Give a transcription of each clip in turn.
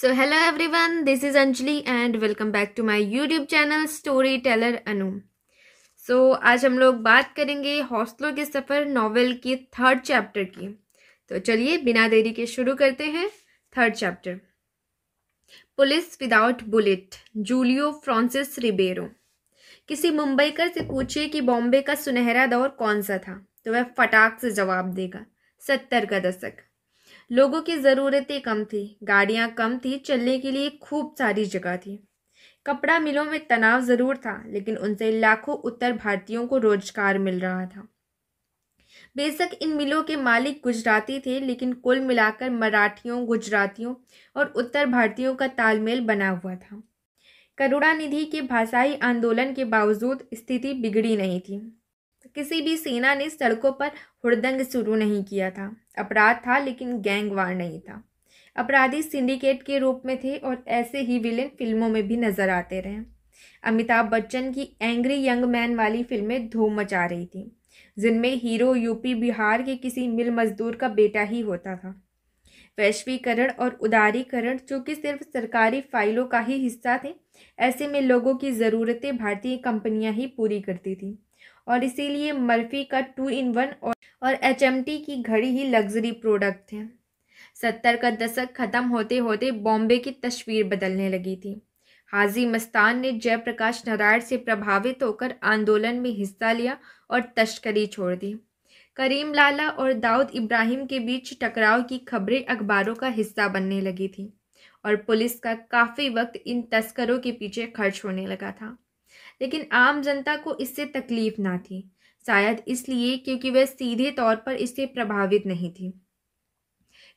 So everyone this is Anjali and welcome back to my YouTube channel story teller Anu so आज हम लोग बात करेंगे हौसलों के सफ़र नॉवेल के थर्ड चैप्टर की तो चलिए बिना देरी के शुरू करते हैं third chapter police without bullet Julio Francis Ribeiro किसी मुंबईकर से पूछिए कि बॉम्बे का सुनहरा दौर कौन सा था तो वह फटाक से जवाब देगा सत्तर का दशक लोगों की ज़रूरतें कम थी गाड़ियाँ कम थी चलने के लिए खूब सारी जगह थी कपड़ा मिलों में तनाव ज़रूर था लेकिन उनसे लाखों उत्तर भारतीयों को रोजगार मिल रहा था बेशक इन मिलों के मालिक गुजराती थे लेकिन कुल मिलाकर मराठियों गुजरातियों और उत्तर भारतीयों का तालमेल बना हुआ था करुणानिधि के भाषाई आंदोलन के बावजूद स्थिति बिगड़ी नहीं थी किसी भी सेना ने सड़कों पर हुड़दंग शुरू नहीं किया था अपराध था लेकिन गैंगवार नहीं था अपराधी सिंडिकेट के रूप में थे और ऐसे ही विलेन फिल्मों में भी नजर आते रहे अमिताभ बच्चन की एंग्री यंग मैन वाली फिल्में धूम मचा रही थी जिनमें हीरो यूपी बिहार के किसी मिल मजदूर का बेटा ही होता था वैश्वीकरण और उदारीकरण चूंकि सिर्फ सरकारी फाइलों का ही हिस्सा थे ऐसे में लोगों की ज़रूरतें भारतीय कंपनियां ही पूरी करती थीं और इसीलिए मर्फी का टू इन वन और एच की घड़ी ही लग्जरी प्रोडक्ट थे सत्तर का दशक ख़त्म होते होते बॉम्बे की तस्वीर बदलने लगी थी हाजी मस्तान ने जयप्रकाश नारायण से प्रभावित होकर आंदोलन में हिस्सा लिया और तस्करी छोड़ दी करीम लाला और दाऊद इब्राहिम के बीच टकराव की खबरें अखबारों का हिस्सा बनने लगी थी और पुलिस का काफ़ी वक्त इन तस्करों के पीछे खर्च होने लगा था लेकिन आम जनता को इससे तकलीफ ना थी शायद इसलिए क्योंकि वह सीधे तौर पर इससे प्रभावित नहीं थी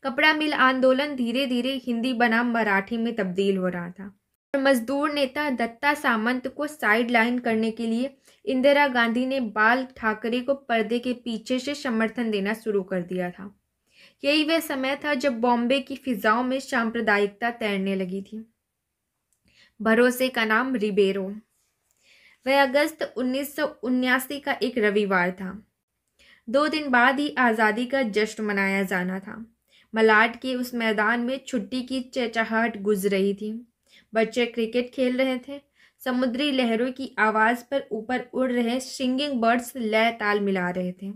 कपड़ा मिल आंदोलन धीरे धीरे हिंदी बनाम मराठी में तब्दील हो रहा था मजदूर नेता दत्ता सामंत को साइडलाइन करने के लिए इंदिरा गांधी ने बाल ठाकरे को पर्दे के पीछे से समर्थन देना शुरू कर दिया था यही वह समय था जब बॉम्बे की फिजाओं में सांप्रदायिकता तैरने लगी थी भरोसे का नाम रिबेरो वह अगस्त उन्नीस का एक रविवार था दो दिन बाद ही आज़ादी का जश्न मनाया जाना था मलाड के उस मैदान में छुट्टी की चहचहट गुज रही थी बच्चे क्रिकेट खेल रहे थे समुद्री लहरों की आवाज़ पर ऊपर उड़ रहे सिंगिंग बर्ड्स लय ताल मिला रहे थे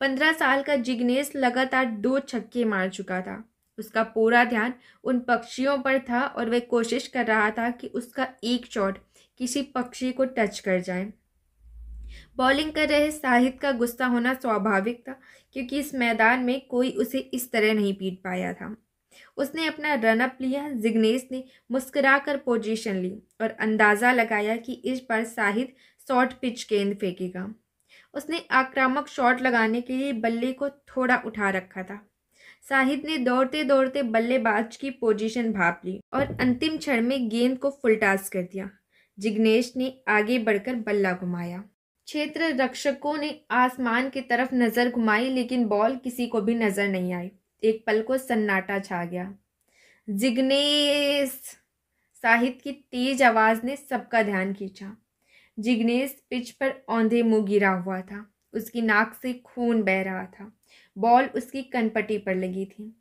पंद्रह साल का जिग्नेश लगातार दो छक्के मार चुका था उसका पूरा ध्यान उन पक्षियों पर था और वह कोशिश कर रहा था कि उसका एक चौट किसी पक्षी को टच कर जाएं। बॉलिंग कर रहे साहिद का गुस्सा होना स्वाभाविक था क्योंकि इस मैदान में कोई उसे इस तरह नहीं पीट पाया था उसने अपना रनअप लिया जिग्नेश ने मुस्करा कर पोजीशन ली और अंदाज़ा लगाया कि इस पर साहिद शॉर्ट पिच गेंद फेंकेगा उसने आक्रामक शॉट लगाने के लिए बल्ले को थोड़ा उठा रखा था साहिद ने दौड़ते दौड़ते बल्लेबाज की पोजीशन भाप ली और अंतिम क्षण में गेंद को फुलटास कर दिया जिग्नेश ने आगे बढ़कर बल्ला घुमाया क्षेत्र रक्षकों ने आसमान की तरफ नजर घुमाई लेकिन बॉल किसी को भी नजर नहीं आई एक पल को सन्नाटा छा गया जिग्नेश साहित की तेज आवाज ने सबका ध्यान खींचा जिग्नेश पिच पर औंधे मुंह गिरा हुआ था उसकी नाक से खून बह रहा था बॉल उसकी कनपटी पर लगी थी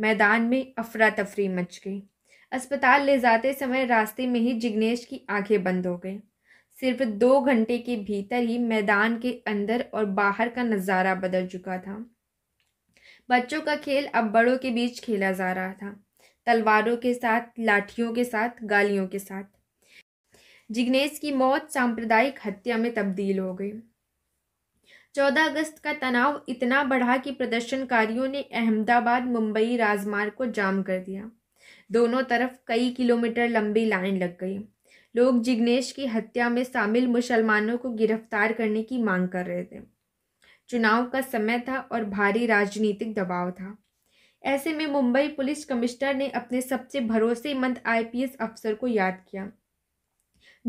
मैदान में अफरा तफरी मच गई अस्पताल ले जाते समय रास्ते में ही जिग्नेश की आंखें बंद हो गई सिर्फ दो घंटे के भीतर ही मैदान के अंदर और बाहर का नज़ारा बदल चुका था बच्चों का खेल अब बड़ों के बीच खेला जा रहा था तलवारों के साथ लाठियों के साथ गालियों के साथ जिग्नेश की मौत सांप्रदायिक हत्या में तब्दील हो गई चौदह अगस्त का तनाव इतना बढ़ा कि प्रदर्शनकारियों ने अहमदाबाद मुंबई राजमार्ग को जाम कर दिया दोनों तरफ कई किलोमीटर लंबी लाइन लग गई लोग जिग्नेश की हत्या में शामिल मुसलमानों को गिरफ्तार करने की मांग कर रहे थे चुनाव का समय था और भारी राजनीतिक दबाव था ऐसे में मुंबई पुलिस कमिश्नर ने अपने सबसे भरोसेमंद आईपीएस अफसर को याद किया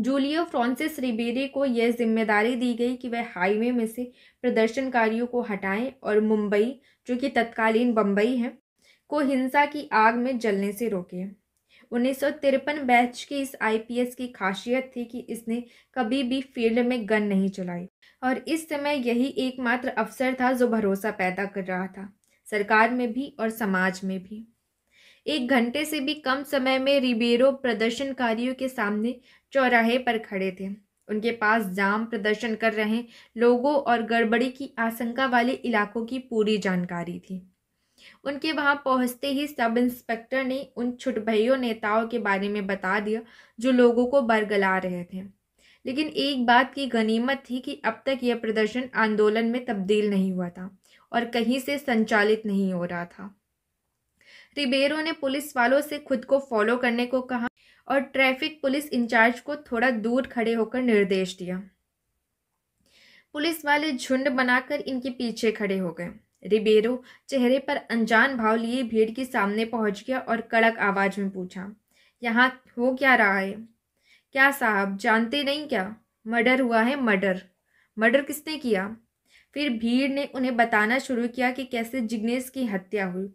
जूलियो फ्रांसिस रिबेरे को यह जिम्मेदारी दी गई कि वह हाईवे में से प्रदर्शनकारियों को हटाएं और मुंबई जो कि तत्कालीन बम्बई है को हिंसा की आग में जलने से रोके उन्नीस सौ तिरपन बैच के इस आईपीएस की खासियत थी कि इसने कभी भी फील्ड में गन नहीं चलाई और इस समय यही एकमात्र अवसर था जो भरोसा पैदा कर रहा था सरकार में भी और समाज में भी एक घंटे से भी कम समय में रिबेरो प्रदर्शनकारियों के सामने चौराहे पर खड़े थे उनके पास जाम प्रदर्शन कर रहे लोगों और गड़बड़ी की आशंका वाले इलाकों की पूरी जानकारी थी उनके वहाँ पहुँचते ही सब इंस्पेक्टर ने उन छुटभैयों नेताओं के बारे में बता दिया जो लोगों को बरगला रहे थे लेकिन एक बात की गनीमत थी कि अब तक यह प्रदर्शन आंदोलन में तब्दील नहीं हुआ था और कहीं से संचालित नहीं हो रहा था रिबेरो ने पुलिस वालों से खुद को फॉलो करने को कहा और ट्रैफिक पुलिस इंचार्ज को थोड़ा दूर खड़े होकर निर्देश दिया पुलिस वाले झुंड बनाकर इनके पीछे खड़े हो गए रिबेरो चेहरे पर अनजान भाव लिए भीड़ के सामने पहुंच गया और कड़क आवाज में पूछा यहाँ हो क्या रहा है क्या साहब जानते नहीं क्या मर्डर हुआ है मर्डर मर्डर किसने किया फिर भीड़ ने उन्हें बताना शुरू किया कि कैसे जिग्नेश की हत्या हुई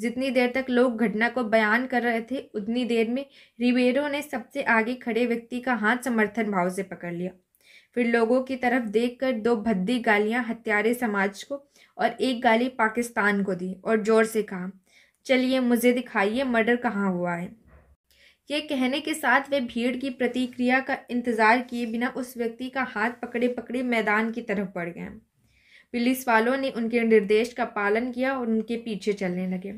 जितनी देर तक लोग घटना को बयान कर रहे थे उतनी देर में रिबेरो ने सबसे आगे खड़े व्यक्ति का हाथ समर्थन भाव से पकड़ लिया फिर लोगों की तरफ देखकर दो भद्दी गालियां हत्यारे समाज को और एक गाली पाकिस्तान को दी और ज़ोर से कहा चलिए मुझे दिखाइए मर्डर कहाँ हुआ है ये कहने के साथ वे भीड़ की प्रतिक्रिया का इंतज़ार किए बिना उस व्यक्ति का हाथ पकड़े पकड़े मैदान की तरफ बढ़ गए पुलिस वालों ने उनके निर्देश का पालन किया और उनके पीछे चलने लगे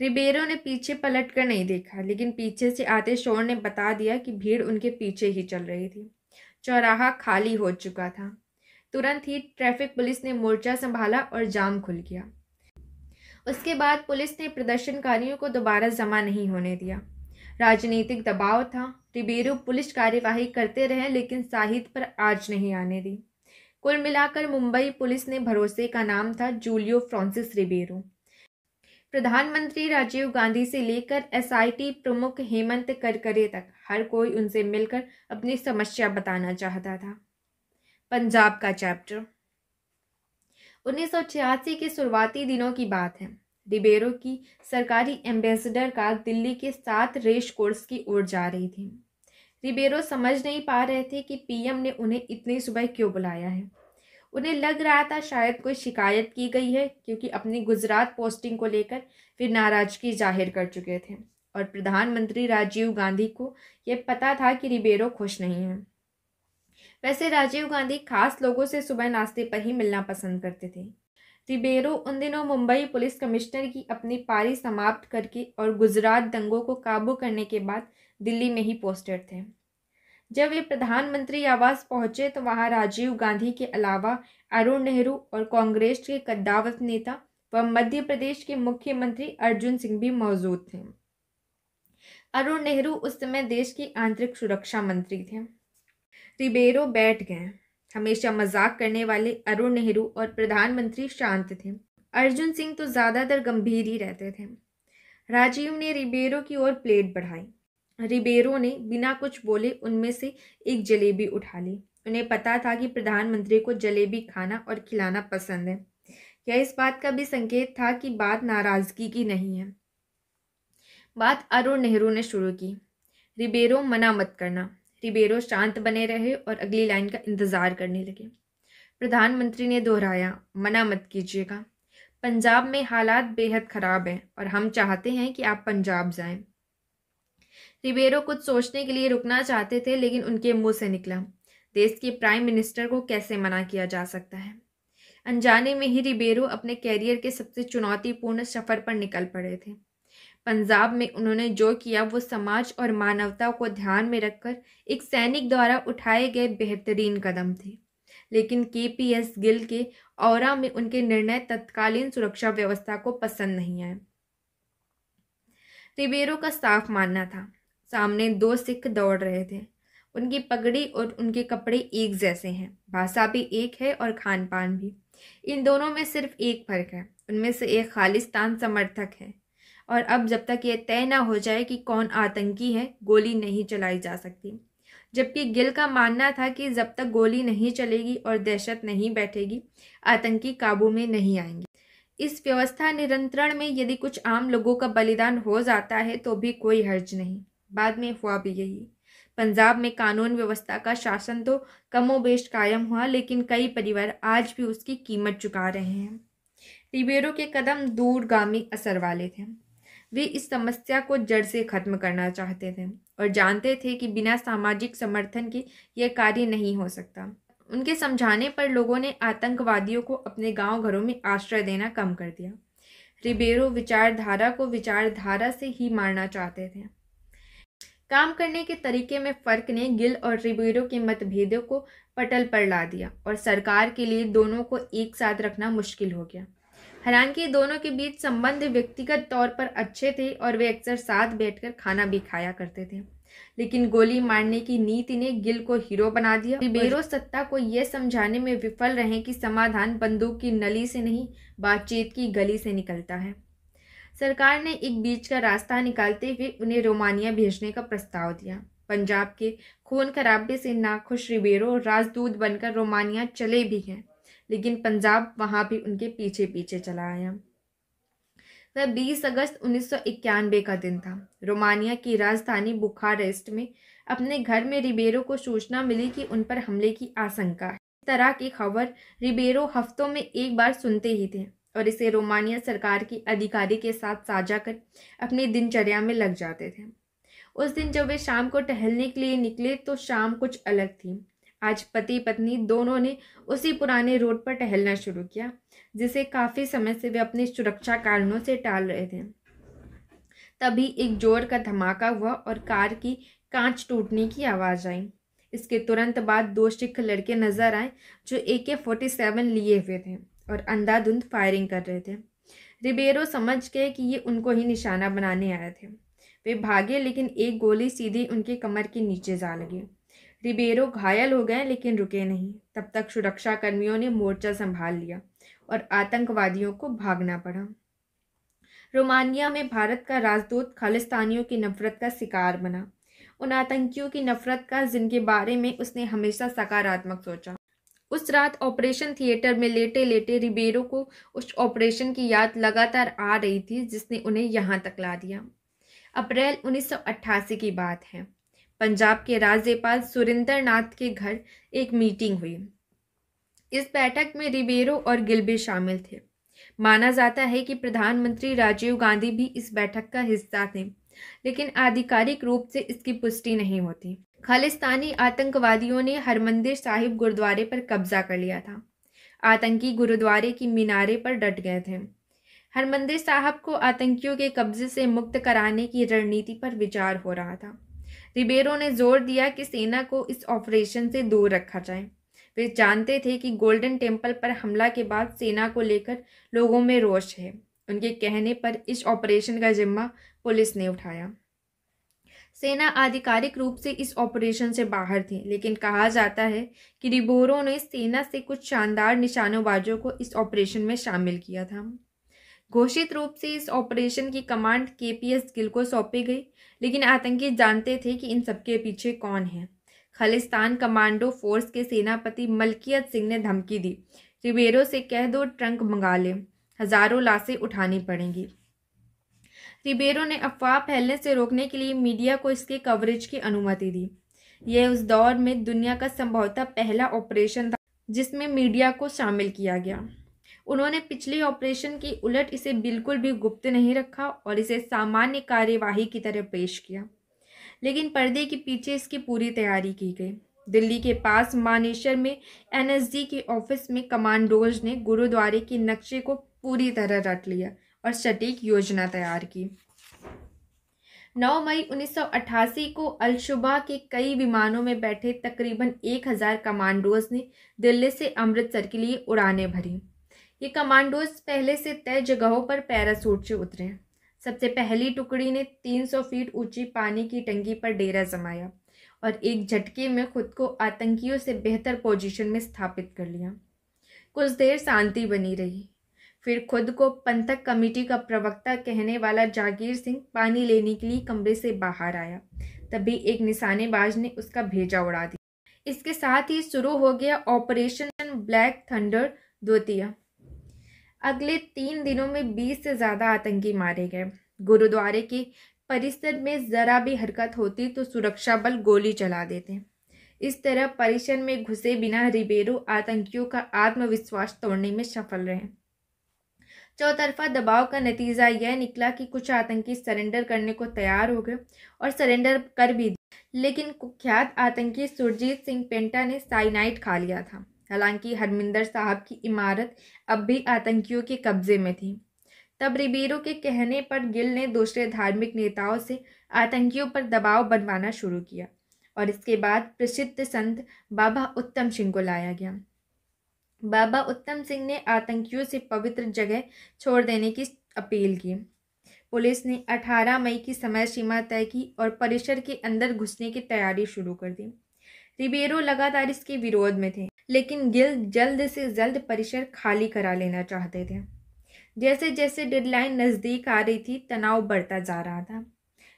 रिबेरो ने पीछे पलट कर नहीं देखा लेकिन पीछे से आते शोर ने बता दिया कि भीड़ उनके पीछे ही चल रही थी चौराहा खाली हो चुका था तुरंत ही ट्रैफिक पुलिस ने मोर्चा संभाला और जाम खुल गया उसके बाद पुलिस ने प्रदर्शनकारियों को दोबारा जमा नहीं होने दिया राजनीतिक दबाव था रिबेरू पुलिस कार्यवाही करते रहे लेकिन साहिद पर आज नहीं आने दी कुल मिलाकर मुंबई पुलिस ने भरोसे का नाम था जूलियो फ्रांसिस रिबेरो प्रधानमंत्री राजीव गांधी से लेकर एसआईटी प्रमुख हेमंत करकरे तक हर कोई उनसे मिलकर अपनी समस्या बताना चाहता था पंजाब का चैप्टर छियासी के शुरुआती दिनों की बात है डिबेरो की सरकारी एम्बेसडर का दिल्ली के सात रेस कोर्स की ओर जा रही थी रिबेरो समझ नहीं पा रहे थे कि पीएम ने उन्हें इतनी सुबह क्यों बुलाया है उन्हें लग रहा था शायद कोई शिकायत की गई है क्योंकि अपनी गुजरात पोस्टिंग को लेकर वे नाराजगी जाहिर कर चुके थे और प्रधानमंत्री राजीव गांधी को यह पता था कि रिबेरो खुश नहीं है वैसे राजीव गांधी खास लोगों से सुबह नाश्ते पर ही मिलना पसंद करते थे रिबेरो उन दिनों मुंबई पुलिस कमिश्नर की अपनी पारी समाप्त करके और गुजरात दंगों को काबू करने के बाद दिल्ली में ही पोस्टेड थे जब वे प्रधानमंत्री आवास पहुंचे तो वहां राजीव गांधी के अलावा अरुण नेहरू और कांग्रेस के कद्दावत नेता व मध्य प्रदेश के मुख्यमंत्री अर्जुन सिंह भी मौजूद थे अरुण नेहरू उस समय देश के आंतरिक सुरक्षा मंत्री थे रिबेरो बैठ गए हमेशा मजाक करने वाले अरुण नेहरू और प्रधानमंत्री शांत थे अर्जुन सिंह तो ज़्यादातर गंभीर ही रहते थे राजीव ने रिबेरो की ओर प्लेट बढ़ाई रिबेरो ने बिना कुछ बोले उनमें से एक जलेबी उठा ली उन्हें पता था कि प्रधानमंत्री को जलेबी खाना और खिलाना पसंद है यह इस बात का भी संकेत था कि बात नाराज़गी की नहीं है बात अरुण नेहरू ने शुरू की रिबेरो मना मत करना रिबेरो शांत बने रहे और अगली लाइन का इंतजार करने लगे प्रधानमंत्री ने दोहराया मना मत कीजिएगा पंजाब में हालात बेहद ख़राब हैं और हम चाहते हैं कि आप पंजाब जाएं। रिबेरो कुछ सोचने के लिए रुकना चाहते थे लेकिन उनके मुंह से निकला देश के प्राइम मिनिस्टर को कैसे मना किया जा सकता है अनजाने में ही रिबेरो अपने कैरियर के सबसे चुनौतीपूर्ण सफ़र पर निकल पड़े थे पंजाब में उन्होंने जो किया वो समाज और मानवता को ध्यान में रखकर एक सैनिक द्वारा उठाए गए बेहतरीन कदम थे लेकिन के पी एस गिल के और में उनके निर्णय तत्कालीन सुरक्षा व्यवस्था को पसंद नहीं आए रिबेरो का साफ मानना था सामने दो सिख दौड़ रहे थे उनकी पगड़ी और उनके कपड़े एक जैसे हैं भाषा भी एक है और खान पान भी इन दोनों में सिर्फ एक फर्क है उनमें से एक खालिस्तान समर्थक है और अब जब तक ये तय ना हो जाए कि कौन आतंकी है गोली नहीं चलाई जा सकती जबकि गिल का मानना था कि जब तक गोली नहीं चलेगी और दहशत नहीं बैठेगी आतंकी काबू में नहीं आएंगे इस व्यवस्था निरंतरण में यदि कुछ आम लोगों का बलिदान हो जाता है तो भी कोई हर्ज नहीं बाद में हुआ भी यही पंजाब में कानून व्यवस्था का शासन तो कमोबेश कायम हुआ लेकिन कई परिवार आज भी उसकी कीमत चुका रहे हैं रिबेरो के कदम दूरगामी असर वाले थे वे इस समस्या को जड़ से खत्म करना चाहते थे और जानते थे कि बिना सामाजिक समर्थन के यह कार्य नहीं हो सकता उनके समझाने पर लोगों ने आतंकवादियों को अपने गांव घरों में आश्रय देना कम कर दिया रिबेरो विचारधारा को विचारधारा से ही मारना चाहते थे काम करने के तरीके में फ़र्क ने गिल और रिबेरो के मतभेदों को पटल पर ला दिया और सरकार के लिए दोनों को एक साथ रखना मुश्किल हो गया हालांकि दोनों के बीच संबंध व्यक्तिगत तौर पर अच्छे थे और वे अक्सर साथ बैठकर खाना भी खाया करते थे लेकिन गोली मारने की नीति ने गिल को हीरो बना दिया रिबेरो सत्ता को यह समझाने में विफल रहे कि समाधान बंदूक की नली से नहीं बातचीत की गली से निकलता है सरकार ने एक बीच का रास्ता निकालते हुए उन्हें रोमानिया भेजने का प्रस्ताव दिया पंजाब के खून खराबे से नाखुश रिबेरो राजदूत बनकर रोमानिया चले भी गए लेकिन पंजाब वहाँ भी उनके पीछे पीछे चला आया वह 20 अगस्त उन्नीस का दिन था रोमानिया की राजधानी बुखारेस्ट में अपने घर में रिबेरो को सूचना मिली कि उन पर हमले की आशंका है इस तरह की खबर रिबेरो हफ्तों में एक बार सुनते ही थे और इसे रोमानिया सरकार के अधिकारी के साथ साझा कर अपनी दिनचर्या में लग जाते थे उस दिन जब वे शाम को टहलने के लिए निकले तो शाम कुछ अलग थी आज पति पत्नी दोनों ने उसी पुराने रोड पर टहलना शुरू किया जिसे काफ़ी समय से वे अपनी सुरक्षा कारणों से टाल रहे थे तभी एक जोर का धमाका हुआ और कार की कांच टूटने की आवाज़ आई इसके तुरंत बाद दो सिख लड़के नजर आए जो ए के फोर्टी सेवन लिए हुए थे और अंधाधुंध फायरिंग कर रहे थे रिबेरो समझ गए कि ये उनको ही निशाना बनाने आए थे वे भागे लेकिन एक गोली सीधी उनके कमर के नीचे जा लगी रिबेरो घायल हो गए लेकिन रुके नहीं तब तक सुरक्षा कर्मियों ने मोर्चा संभाल लिया और आतंकवादियों को भागना पड़ा रोमानिया में भारत का राजदूत खालिस्तानियों की नफरत का शिकार बना उन आतंकियों की नफरत का जिनके बारे में उसने हमेशा सकारात्मक सोचा उस रात ऑपरेशन थिएटर में लेटे लेटे रिबेरो को उस ऑपरेशन की याद लगातार आ रही थी जिसने उन्हें यहाँ तक ला दिया अप्रैल 1988 की बात है पंजाब के राज्यपाल सुरेंद्र नाथ के घर एक मीटिंग हुई इस बैठक में रिबेरो और गिलबे शामिल थे माना जाता है कि प्रधानमंत्री राजीव गांधी भी इस बैठक का हिस्सा थे लेकिन आधिकारिक रूप से इसकी पुष्टि नहीं होती खालिस्तानी आतंकवादियों ने हरमंदिर साहिब गुरुद्वारे पर कब्जा कर लिया था आतंकी गुरुद्वारे की मीनारे पर डट गए थे हरमंदिर साहब को आतंकियों के कब्जे से मुक्त कराने की रणनीति पर विचार हो रहा था रिबेरो ने जोर दिया कि सेना को इस ऑपरेशन से दूर रखा जाए वे जानते थे कि गोल्डन टेम्पल पर हमला के बाद सेना को लेकर लोगों में रोष है उनके कहने पर इस ऑपरेशन का जिम्मा पुलिस ने उठाया सेना आधिकारिक रूप से इस ऑपरेशन से बाहर थी लेकिन कहा जाता है कि रिबोरो ने सेना से कुछ शानदार निशानोबाजों को इस ऑपरेशन में शामिल किया था घोषित रूप से इस ऑपरेशन की command K P S Gill को सौंपी गई लेकिन आतंकी जानते थे कि इन सबके पीछे कौन है खालिस्तान कमांडो फोर्स के सेनापति मलकियत सिंह ने धमकी दी रिबेरो से कह दो ट्रंक मंगा ले हजारों लाशें उठानी पड़ेंगी रिबेरो ने अफवाह फैलने से रोकने के लिए मीडिया को इसके कवरेज की अनुमति दी यह उस दौर में दुनिया का संभवतः पहला ऑपरेशन था जिसमें मीडिया को शामिल किया गया उन्होंने पिछले ऑपरेशन की उलट इसे बिल्कुल भी गुप्त नहीं रखा और इसे सामान्य कार्यवाही की तरह पेश किया लेकिन पर्दे के पीछे इसकी पूरी तैयारी की गई दिल्ली के पास मानेश्वर में एनएसजी के ऑफिस में कमांडोज ने गुरुद्वारे के नक्शे को पूरी तरह रट लिया और सटीक योजना तैयार की 9 मई 1988 को अलशुबा के कई विमानों में बैठे तकरीबन 1000 कमांडोज ने दिल्ली से अमृतसर के लिए उड़ानें भरी ये कमांडोज पहले से तय जगहों पर पैरासूट से उतरे सबसे पहली टुकड़ी ने 300 फीट ऊंची पानी की टंकी पर डेरा जमाया और एक झटके में खुद को आतंकियों से बेहतर पोजीशन में स्थापित कर लिया कुछ देर शांति बनी रही फिर खुद को पंथक कमेटी का प्रवक्ता कहने वाला जागीर सिंह पानी लेने के लिए कमरे से बाहर आया तभी एक निशानेबाज ने उसका भेजा उड़ा दिया इसके साथ ही शुरू हो गया ऑपरेशन ब्लैक थंडर द्वितीय अगले तीन दिनों में 20 से ज़्यादा आतंकी मारे गए गुरुद्वारे के परिसर में ज़रा भी हरकत होती तो सुरक्षा बल गोली चला देते इस तरह परिसर में घुसे बिना रिबेरो आतंकियों का आत्मविश्वास तोड़ने में सफल रहे चौतरफा दबाव का नतीजा यह निकला कि कुछ आतंकी सरेंडर करने को तैयार हो गए और सरेंडर कर भी लेकिन कुख्यात आतंकी सुरजीत सिंह पेंटा ने साइनाइट खा लिया था हालांकि हरमिंदर साहब की इमारत अब भी आतंकियों के कब्जे में थी तब रिबेरो के कहने पर गिल ने दूसरे धार्मिक नेताओं से आतंकियों पर दबाव बनवाना शुरू किया और इसके बाद प्रसिद्ध संत बाबा उत्तम सिंह को लाया गया बाबा उत्तम सिंह ने आतंकियों से पवित्र जगह छोड़ देने की अपील की पुलिस ने 18 मई की समय सीमा तय की और परिसर के अंदर घुसने की तैयारी शुरू कर दी रिबेरो लगातार इसके विरोध में थे लेकिन गिल जल्द से जल्द परिसर खाली करा लेना चाहते थे जैसे जैसे डेडलाइन नज़दीक आ रही थी तनाव बढ़ता जा रहा था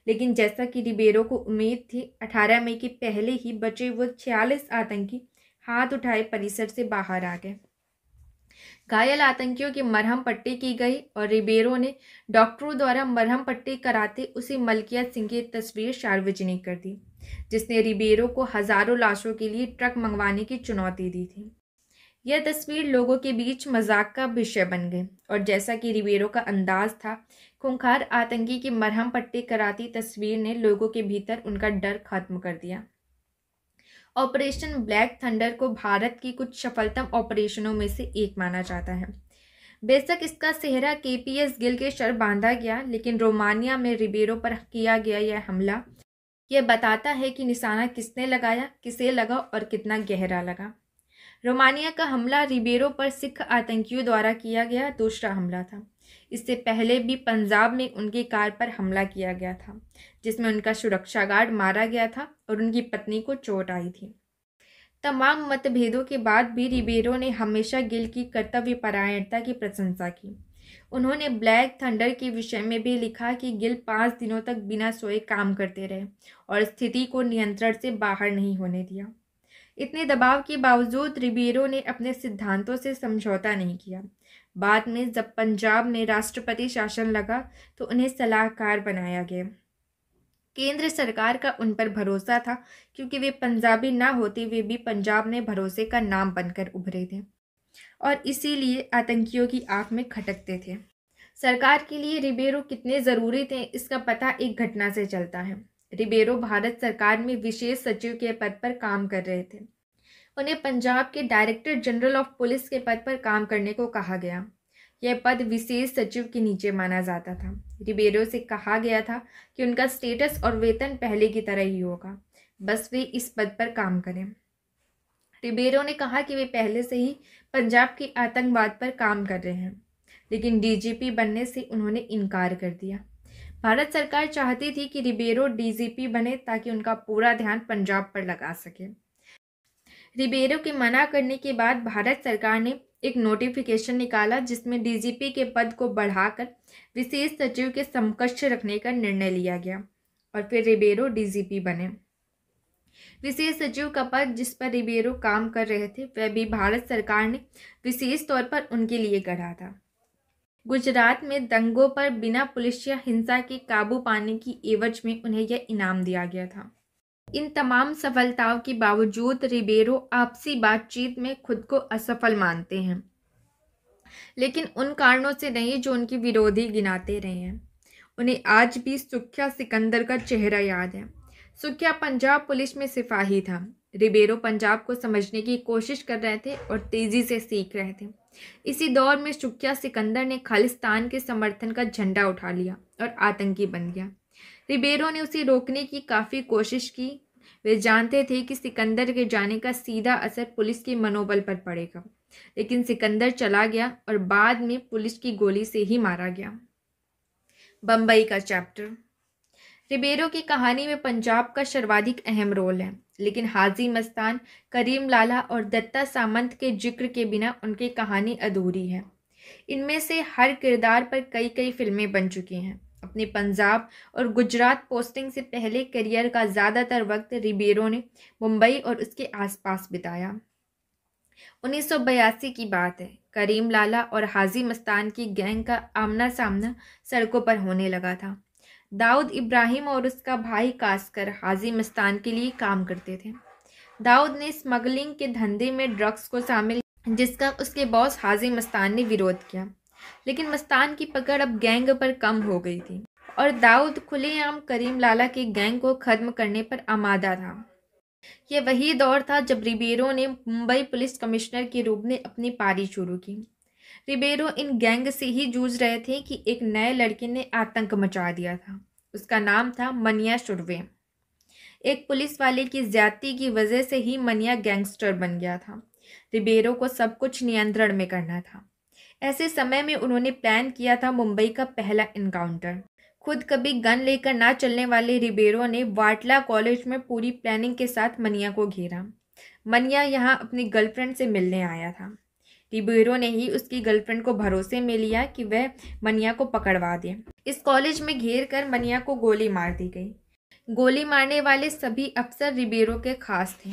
लेकिन जैसा कि रिबेरो को उम्मीद थी 18 मई के पहले ही बचे वो छियालीस आतंकी हाथ उठाए परिसर से बाहर आ गए घायल आतंकियों की मरहम पट्टी की गई और रिबेरो ने डॉक्टरों द्वारा मरहम पट्टी कराते उसे मलकिया सिंह की तस्वीर सार्वजनिक कर दी जिसने रिबेरो को हज़ारों लाशों के लिए ट्रक मंगवाने की चुनौती दी थी यह तस्वीर लोगों के बीच मजाक का विषय बन गई और जैसा कि रिबेरो का अंदाज था खूंखार आतंकी की मरहम पट्टी कराती तस्वीर ने लोगों के भीतर उनका डर खत्म कर दिया ऑपरेशन ब्लैक थंडर को भारत की कुछ सफलतम ऑपरेशनों में से एक माना जाता है बेशक इसका सेहरा के पी एस गिल के शर बांधा गया लेकिन रोमानिया में रिबेरो पर किया गया यह हमला यह बताता है कि निशाना किसने लगाया किसे लगा और कितना गहरा लगा रोमानिया का हमला रिबेरो पर सिख आतंकियों द्वारा किया गया दूसरा हमला था इससे पहले भी पंजाब में उनकी कार पर हमला किया गया था जिसमें उनका सुरक्षा गार्ड मारा गया था और उनकी पत्नी को चोट आई थी तमाम मतभेदों के बाद भी रिबेरो ने हमेशा गिल की कर्तव्यपरायणता की प्रशंसा की उन्होंने ब्लैक थंडर के विषय में भी लिखा कि गिल पाँच दिनों तक बिना सोए काम करते रहे और स्थिति को नियंत्रण से बाहर नहीं होने दिया इतने दबाव के बावजूद रिबेरो ने अपने सिद्धांतों से समझौता नहीं किया बाद में जब पंजाब में राष्ट्रपति शासन लगा तो उन्हें सलाहकार बनाया गया केंद्र सरकार का उन पर भरोसा था क्योंकि वे पंजाबी ना होते हुए भी पंजाब में भरोसे का नाम बनकर उभरे थे और इसीलिए आतंकियों की आंख में खटकते थे सरकार के लिए रिबेरो कितने ज़रूरी थे इसका पता एक घटना से चलता है रिबेरो भारत सरकार में विशेष सचिव के पद पर काम कर रहे थे उन्हें पंजाब के डायरेक्टर जनरल ऑफ पुलिस के पद पर काम करने को कहा गया यह पद विशेष सचिव के नीचे माना जाता था रिबेरो से कहा गया था कि उनका स्टेटस और वेतन पहले की तरह ही होगा बस वे इस पद पर काम करें रिबेरो ने कहा कि वे पहले से ही पंजाब के आतंकवाद पर काम कर रहे हैं लेकिन डीजीपी बनने से उन्होंने इनकार कर दिया भारत सरकार चाहती थी कि रिबेरो डीजीपी बने ताकि उनका पूरा ध्यान पंजाब पर लगा सके रिबेरो के मना करने के बाद भारत सरकार ने एक नोटिफिकेशन निकाला जिसमें डीजीपी के पद को बढ़ाकर विशेष सचिव के समकक्ष रखने का निर्णय लिया गया और फिर रिबेरो डीजीपी बने विशेष सचिव का पद जिस पर रिबेरो काम कर रहे थे वह भी भारत सरकार ने विशेष तौर पर उनके लिए गढ़ा था गुजरात में दंगों पर बिना पुलिस या हिंसा के काबू पाने की एवज में उन्हें यह इनाम दिया गया था इन तमाम सफलताओं के बावजूद रिबेरो आपसी बातचीत में खुद को असफल मानते हैं लेकिन उन कारणों से नहीं जो उनके विरोधी गिनाते रहे हैं उन्हें आज भी सुख्या सिकंदर का चेहरा याद है सुखिया पंजाब पुलिस में सिपाही था रिबेरो पंजाब को समझने की कोशिश कर रहे थे और तेज़ी से सीख रहे थे इसी दौर में सुखिया सिकंदर ने खालिस्तान के समर्थन का झंडा उठा लिया और आतंकी बन गया रिबेरो ने उसे रोकने की काफ़ी कोशिश की वे जानते थे कि सिकंदर के जाने का सीधा असर पुलिस के मनोबल पर पड़ेगा लेकिन सिकंदर चला गया और बाद में पुलिस की गोली से ही मारा गया बम्बई का चैप्टर रिबेरो की कहानी में पंजाब का सर्वाधिक अहम रोल है लेकिन हाजी मस्तान करीम लाला और दत्ता सामंत के जिक्र के बिना उनकी कहानी अधूरी है इनमें से हर किरदार पर कई कई फिल्में बन चुकी हैं अपने पंजाब और गुजरात पोस्टिंग से पहले करियर का ज़्यादातर वक्त रिबेरो ने मुंबई और उसके आसपास बिताया 1982 की बात है करीम लाला और हाजी मस्तान की गैंग का आमना सामना सड़कों पर होने लगा था दाऊद इब्राहिम और उसका भाई कास्कर हाजी मस्तान के लिए काम करते थे दाऊद ने स्मगलिंग के धंधे में ड्रग्स को शामिल जिसका उसके बॉस हाजिम मस्तान ने विरोध किया लेकिन मस्तान की पकड़ अब गैंग पर कम हो गई थी और दाऊद खुलेआम करीम लाला के गैंग को खत्म करने पर आमादा था यह वही दौर था जब रिबेरो ने मुंबई पुलिस कमिश्नर के रूप में अपनी पारी शुरू की रिबेरो इन गैंग से ही जूझ रहे थे कि एक नए लड़के ने आतंक मचा दिया था उसका नाम था मनिया शुरवे एक पुलिस वाले की ज्यादती की वजह से ही मनिया गैंगस्टर बन गया था रिबेरो को सब कुछ नियंत्रण में करना था ऐसे समय में उन्होंने प्लान किया था मुंबई का पहला इनकाउंटर खुद कभी गन लेकर ना चलने वाले रिबेरो ने वाटला कॉलेज में पूरी प्लानिंग के साथ मनिया को घेरा मनिया यहाँ अपनी गर्लफ्रेंड से मिलने आया था रिबेरो ने ही उसकी गर्लफ्रेंड को भरोसे में लिया कि वह मनिया को पकड़वा दे इस कॉलेज में घेर कर मनिया को गोली मार दी गई गोली मारने वाले सभी अफसर रिबेरो के खास थे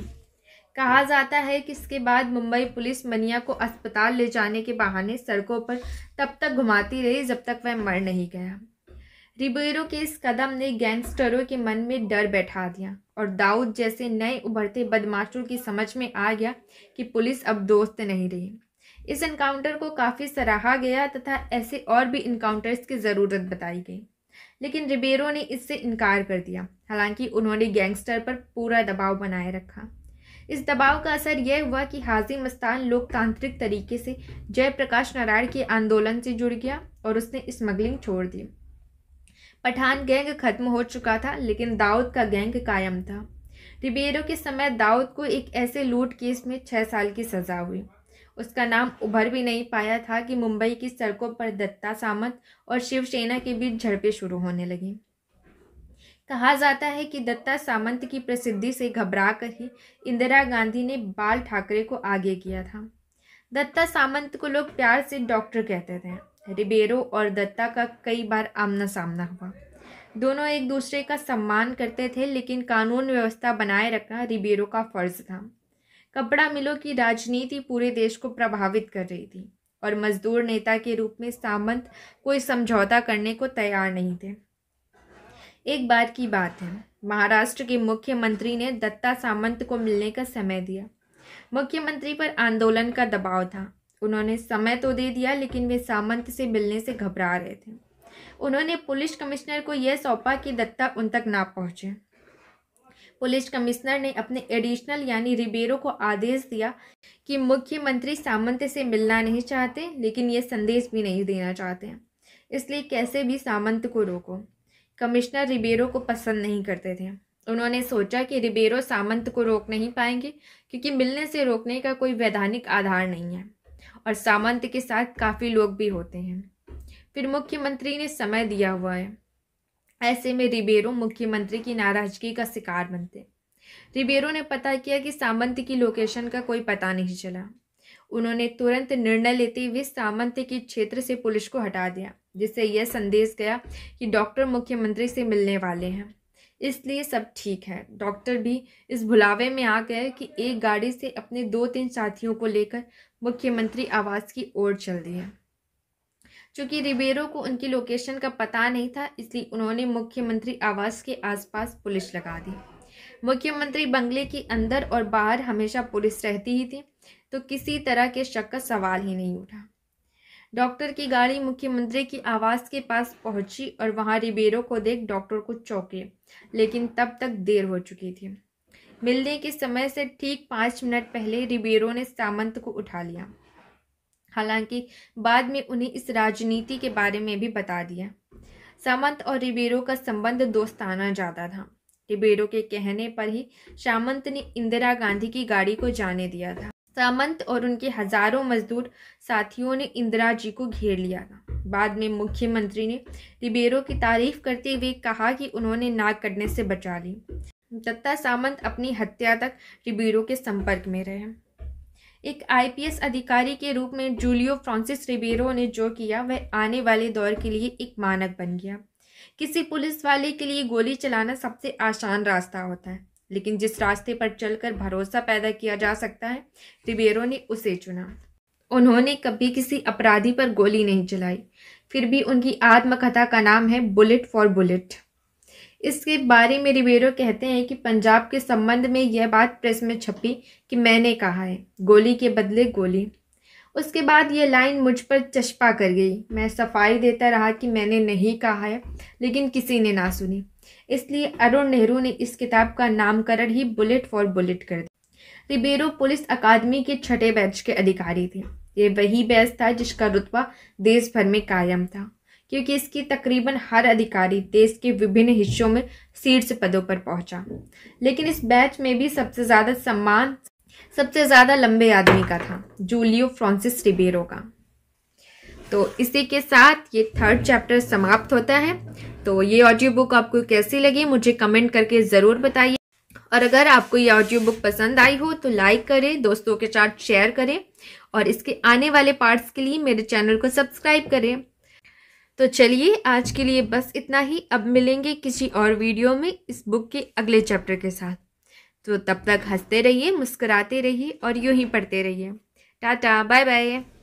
कहा जाता है कि इसके बाद मुंबई पुलिस मनिया को अस्पताल ले जाने के बहाने सड़कों पर तब तक घुमाती रही जब तक वह मर नहीं गया रिबेरो के इस कदम ने गैंगस्टरों के मन में डर बैठा दिया और दाऊद जैसे नए उभरते बदमाशों की समझ में आ गया कि पुलिस अब दोस्त नहीं रही इस इनकाउंटर को काफ़ी सराहा गया तथा ऐसे और भी इनकाउंटर्स की ज़रूरत बताई गई लेकिन रिबेरो ने इससे इनकार कर दिया हालांकि उन्होंने गैंगस्टर पर पूरा दबाव बनाए रखा इस दबाव का असर यह हुआ कि हाजी मस्तान लोकतांत्रिक तरीके से जयप्रकाश नारायण के आंदोलन से जुड़ गया और उसने स्मगलिंग छोड़ दी पठान गैंग खत्म हो चुका था लेकिन दाऊद का गैंग कायम था रिबेरो के समय दाऊद को एक ऐसे लूट केस में छः साल की सज़ा हुई उसका नाम उभर भी नहीं पाया था कि मुंबई की सड़कों पर दत्ता सामंत और शिवसेना के बीच झड़पें शुरू होने लगी कहा जाता है कि दत्ता सामंत की प्रसिद्धि से घबरा कर ही इंदिरा गांधी ने बाल ठाकरे को आगे किया था दत्ता सामंत को लोग प्यार से डॉक्टर कहते थे रिबेरो और दत्ता का कई बार आमना सामना हुआ दोनों एक दूसरे का सम्मान करते थे लेकिन कानून व्यवस्था बनाए रखना रिबेरो का फर्ज था कपड़ा मिलों की राजनीति पूरे देश को प्रभावित कर रही थी और मजदूर नेता के रूप में सामंत कोई समझौता करने को तैयार नहीं थे एक बार की बात है महाराष्ट्र के मुख्यमंत्री ने दत्ता सामंत को मिलने का समय दिया मुख्यमंत्री पर आंदोलन का दबाव था उन्होंने समय तो दे दिया लेकिन वे सामंत से मिलने से घबरा रहे थे उन्होंने पुलिस कमिश्नर को यह सौंपा कि दत्ता उन तक ना पहुँचे पुलिस कमिश्नर ने अपने एडिशनल यानी रिबेरो को आदेश दिया कि मुख्यमंत्री सामंत से मिलना नहीं चाहते लेकिन ये संदेश भी नहीं देना चाहते इसलिए कैसे भी सामंत को रोको कमिश्नर रिबेरो को पसंद नहीं करते थे उन्होंने सोचा कि रिबेरो सामंत को रोक नहीं पाएंगे क्योंकि मिलने से रोकने का कोई वैधानिक आधार नहीं है और सामंत के साथ काफ़ी लोग भी होते हैं फिर मुख्यमंत्री ने समय दिया हुआ है ऐसे में रिबेरो मुख्यमंत्री की नाराजगी का शिकार बनते रिबेरो ने पता किया कि सामंत की लोकेशन का कोई पता नहीं चला उन्होंने तुरंत निर्णय लेते हुए सामंत के क्षेत्र से पुलिस को हटा दिया जिससे यह संदेश गया कि डॉक्टर मुख्यमंत्री से मिलने वाले हैं इसलिए सब ठीक है डॉक्टर भी इस भुलावे में आ गए कि एक गाड़ी से अपने दो तीन साथियों को लेकर मुख्यमंत्री आवास की ओर चल दिए चूंकि रिबेरो को उनकी लोकेशन का पता नहीं था इसलिए उन्होंने मुख्यमंत्री आवास के आसपास पुलिस लगा दी मुख्यमंत्री बंगले के अंदर और बाहर हमेशा पुलिस रहती ही थी तो किसी तरह के शक का सवाल ही नहीं उठा डॉक्टर की गाड़ी मुख्यमंत्री की आवास के पास पहुंची और वहां रिबेरो को देख डॉक्टर को चौंके लेकिन तब तक देर हो चुकी थी मिलने के समय से ठीक पाँच मिनट पहले रिबेरो ने सामंत को उठा लिया हालांकि बाद में उन्हें इस राजनीति के बारे में भी बता दिया सामंत और रिबेरो का संबंध दोस्ताना ज़्यादा था रिबेरो के कहने पर ही सामंत ने इंदिरा गांधी की गाड़ी को जाने दिया था सामंत और उनके हजारों मजदूर साथियों ने इंदिरा जी को घेर लिया था बाद में मुख्यमंत्री ने रिबेरो की तारीफ करते हुए कहा कि उन्होंने नाक कटने से बचा ली दत्ता सामंत अपनी हत्या तक रिबेरो के संपर्क में रहे एक आईपीएस अधिकारी के रूप में जूलियो फ्रांसिस रिबेरो ने जो किया वह आने वाले दौर के लिए एक मानक बन गया किसी पुलिस वाले के लिए गोली चलाना सबसे आसान रास्ता होता है लेकिन जिस रास्ते पर चलकर भरोसा पैदा किया जा सकता है रिबेरो ने उसे चुना उन्होंने कभी किसी अपराधी पर गोली नहीं चलाई फिर भी उनकी आत्मकथा का नाम है बुलेट फॉर बुलेट इसके बारे में रिबेरो कहते हैं कि पंजाब के संबंध में यह बात प्रेस में छपी कि मैंने कहा है गोली के बदले गोली उसके बाद यह लाइन मुझ पर चश्पा कर गई मैं सफाई देता रहा कि मैंने नहीं कहा है लेकिन किसी ने ना सुनी इसलिए अरुण नेहरू ने इस किताब का नामकरण ही बुलेट फॉर बुलेट कर दिया रिबेरो पुलिस अकादमी के छठे बैच के अधिकारी थे ये वही बैच था जिसका रुतबा देश भर में कायम था क्योंकि इसकी तकरीबन हर अधिकारी देश के विभिन्न हिस्सों में शीर्ष पदों पर पहुंचा लेकिन इस बैच में भी सबसे ज़्यादा सम्मान सबसे ज़्यादा लंबे आदमी का था जूलियो फ्रांसिस रिबेरो का तो इसी के साथ ये थर्ड चैप्टर समाप्त होता है तो ये ऑडियो बुक आपको कैसी लगी मुझे कमेंट करके ज़रूर बताइए और अगर आपको ये ऑडियो बुक पसंद आई हो तो लाइक करें दोस्तों के साथ शेयर करें और इसके आने वाले पार्ट्स के लिए मेरे चैनल को सब्सक्राइब करें तो चलिए आज के लिए बस इतना ही अब मिलेंगे किसी और वीडियो में इस बुक के अगले चैप्टर के साथ तो तब तक हंसते रहिए मुस्कुराते रहिए और यूँ ही पढ़ते रहिए टाटा बाय बाय